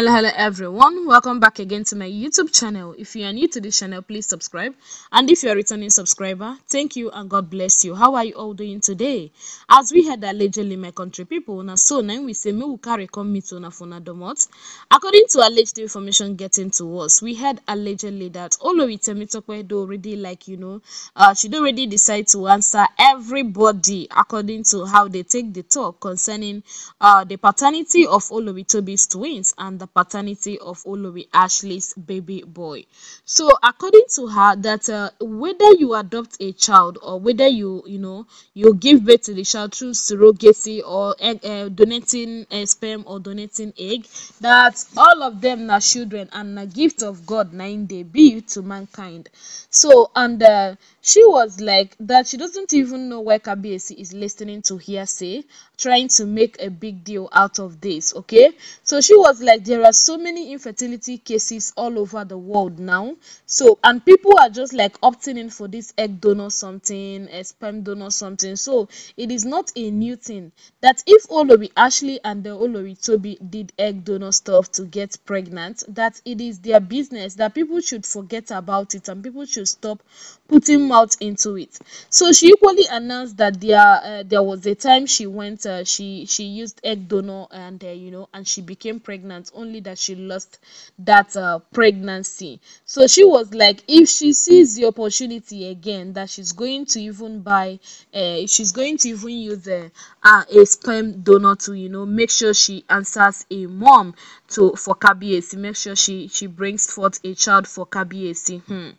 hello hello everyone welcome back again to my youtube channel if you are new to this channel please subscribe and if you are a returning subscriber thank you and god bless you how are you all doing today as we had allegedly my country people now so now we say me will carry come meet on a domot according to alleged information getting to us we had allegedly that olorite mitokwe already like you know uh, she already decide to answer everybody according to how they take the talk concerning uh, the paternity of oloritobi's twins and the paternity of Olori Ashley's baby boy. So according to her, that uh, whether you adopt a child or whether you you know you give birth to the child through surrogacy or egg, uh, eh, donating eh, sperm or donating egg, that all of them are children and a gift of God nine day be to mankind. So and uh, she was like that she doesn't even know why Kabiesi is listening to hearsay, trying to make a big deal out of this, okay? So she was like, there are so many infertility cases all over the world now. So, and people are just like opting in for this egg donor something, a sperm donor something. So it is not a new thing that if Olori Ashley and the Olori Toby did egg donor stuff to get pregnant, that it is their business, that people should forget about it and people should stop putting out into it so she equally announced that there uh, there was a time she went uh, she she used egg donor and uh, you know and she became pregnant only that she lost that uh, pregnancy so she was like if she sees the opportunity again that she's going to even buy uh, she's going to even use a, uh, a sperm donor to you know make sure she answers a mom to for KBAC make sure she she brings forth a child for KBAC hmm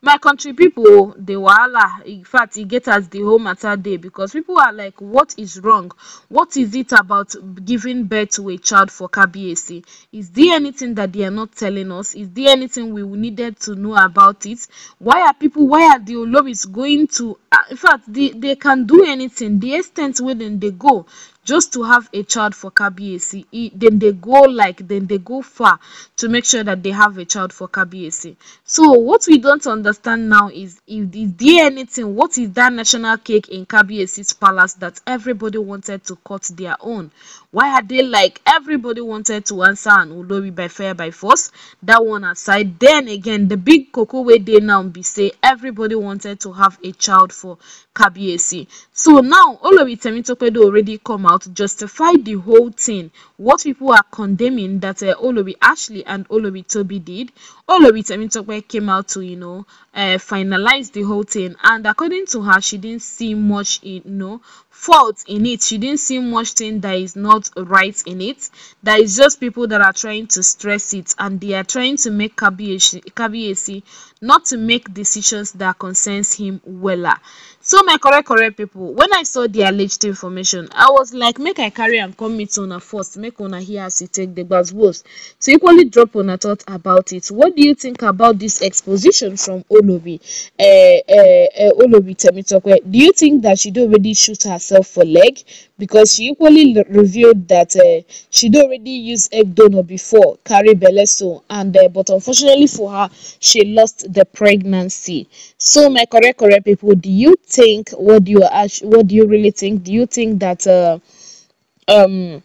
my country people the wahala in fact it gets us the whole matter day because people are like what is wrong what is it about giving birth to a child for kbac is there anything that they are not telling us is there anything we needed to know about it why are people why are the olobis going to uh, in fact they, they can do anything the extent where they go just to have a child for KBAC. then they go like, then they go far to make sure that they have a child for KBAC. So what we don't understand now is, if is there anything, what is that national cake in KBAC's palace that everybody wanted to cut their own? Why are they like, everybody wanted to answer and Udobi by fire by force? That one aside. Then again, the big cocoa way they now be say, everybody wanted to have a child for KBAC. So now, all of it, Temitopedo already come out Justify the whole thing. What people are condemning that uh, Olobi Ashley and Olobi Toby did, Olobi Temitope came out to, you know, uh, finalize the whole thing. And according to her, she didn't see much, you know, fault in it. She didn't see much thing that is not right in it. That is just people that are trying to stress it and they are trying to make Kabiesi not to make decisions that concerns him wella. So my correct correct people, when I saw the alleged information, I was like, make I carry and come meet on a first, make on a here as he take the buzzwords. So equally drop on a thought about it. What do you think about this exposition from Olobi? Uh, uh, uh, Olobi Temitokwe? Do you think that she already shoot herself? herself for leg because she equally revealed that uh, she'd already used egg donor before, carry Beleso, and uh, but unfortunately for her, she lost the pregnancy. So, my correct, correct people, do you think what do you what do you really think? Do you think that uh, um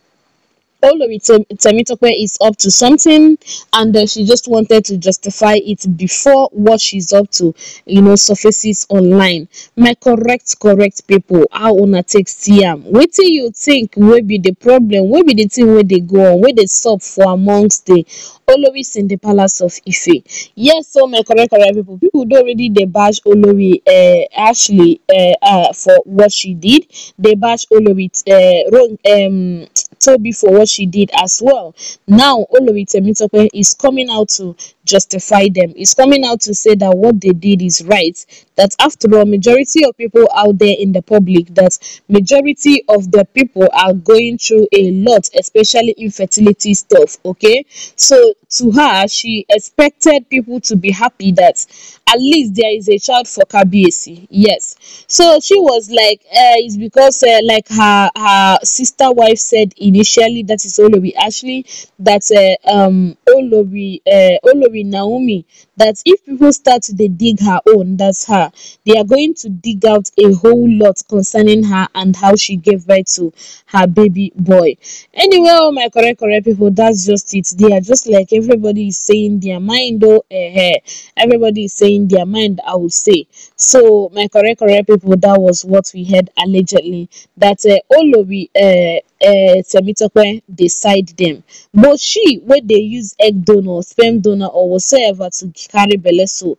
Olori Temitope is up to something and she just wanted to justify it before what she's up to, you know, surfaces online. My correct, correct people, how una take see What do you think will be the problem? What be the thing where they go on? Where they stop for amongst the Olori in the palace of Ife? Yes, so my correct, correct people, people don't really they Olori uh, Ashley uh, uh, for what she did. They bash Olori uh, um, Toby for what she did as well. Now Olori Temitope is coming out to justify them It's coming out to say that what they did is right that after all majority of people out there in the public that majority of the people are going through a lot especially infertility stuff okay so to her she expected people to be happy that at least there is a child for K B A C. yes so she was like uh, it's because uh, like her her sister wife said initially that is Olobi Ashley that uh, um Olobi uh, Olobi story naomi that if people start to dig her own thats her they are going to dig out a whole lot concerning her and how she gave birth to her baby boy anyway all oh my correct correct people that's just it they are just like everybody is saying their mind oh eh, eh. everybody is saying their mind i will say so, my correct, correct people, that was what we heard allegedly that uh, Olobi uh, uh, decide them. But she, when they use egg donor, sperm donor, or whatsoever to carry belle, so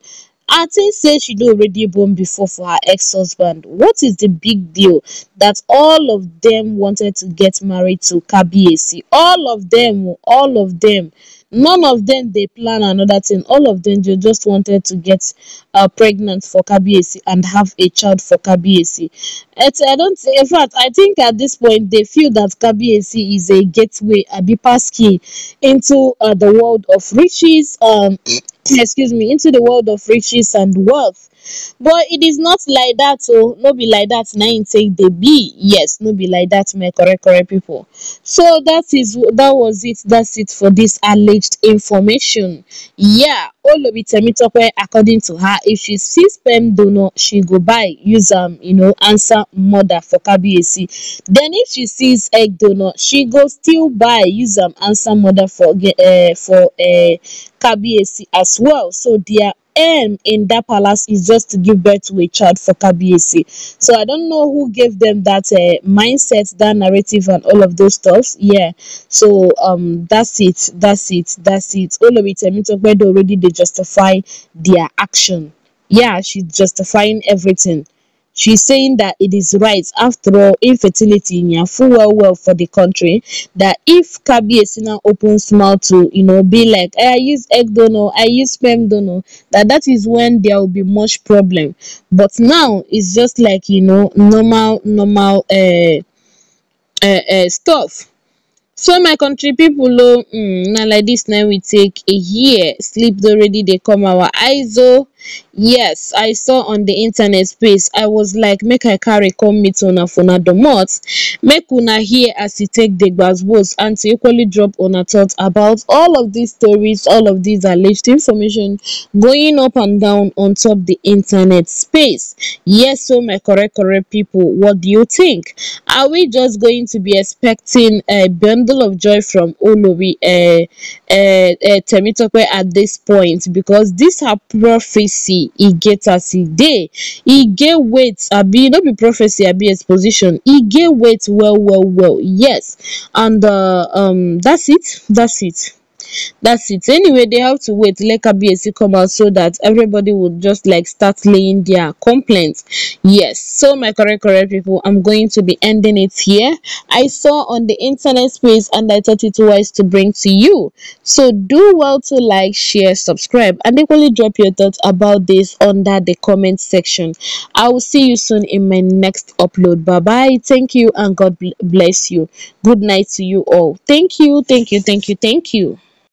think say she do already born before for her ex-husband. What is the big deal that all of them wanted to get married to Kabiesi? All of them, oh, all of them none of them they plan another thing. all of them, they just wanted to get uh, pregnant for K B A C and have a child for It's i don't in fact i think at this point they feel that K B A C is a gateway bypass key, into uh, the world of riches um excuse me into the world of riches and wealth but it is not like that, so oh. no be like that. Now, im take dey be yes no be like that. my correct correct people so that is that was it that's it for this alleged information yeah all Olobi Temitope, according to her, if she sees sperm donor, she go buy, use um, you know, answer mother for KBAC. Then if she sees egg donor, she go still buy, use um, answer mother for uh, for uh, eh, KBAC as well. So they are aim in that palace is just to give birth to a child for Kabiesi. So I don't know who gave them that uh, mindset, that narrative, and all of those stuffs. Yeah. So um, that's it. That's it. That's it. All of it. I mean, already they justify their action. Yeah, she's justifying everything. She's saying that it is right, after all, infertility in your full well well for the country. That if Kabi Esina opens mouth to, you know, be like, eh, I use egg donor, I use sperm donor, that that is when there will be much problem. But now it's just like, you know, normal, normal uh, uh, uh stuff. so my country people, oh mm, like this, now we take a year sleep already They come our eyes oh yes i saw on the internet space i was like make i carry come meet una for domot make una hear as he take the dey gbasgbos and to equally drop a thought about all of these stories all of these alleged information going up and down on top the internet space yes so my correct correct people, what do you think are we just going to be expecting a bundle of joy from olori uh, uh, uh, at this point because these are prophecy prophecy e get as e dey e get weight abi no be prophecy abi exposition e get weight well well well yes and uh, um that's it that's it thats it anyway they have to wait let kabiyesi come out so that everybody would just like start laying their complaints yes so my correct correct people i'm going to be ending it here i saw on the internet space and i thought it wise to bring to you so do well to like share subscribe and equally drop your thoughts about this under the comment section i will see you soon in my next upload bye bye thank you and god bless you good night to you all thank you thank you thank you thank you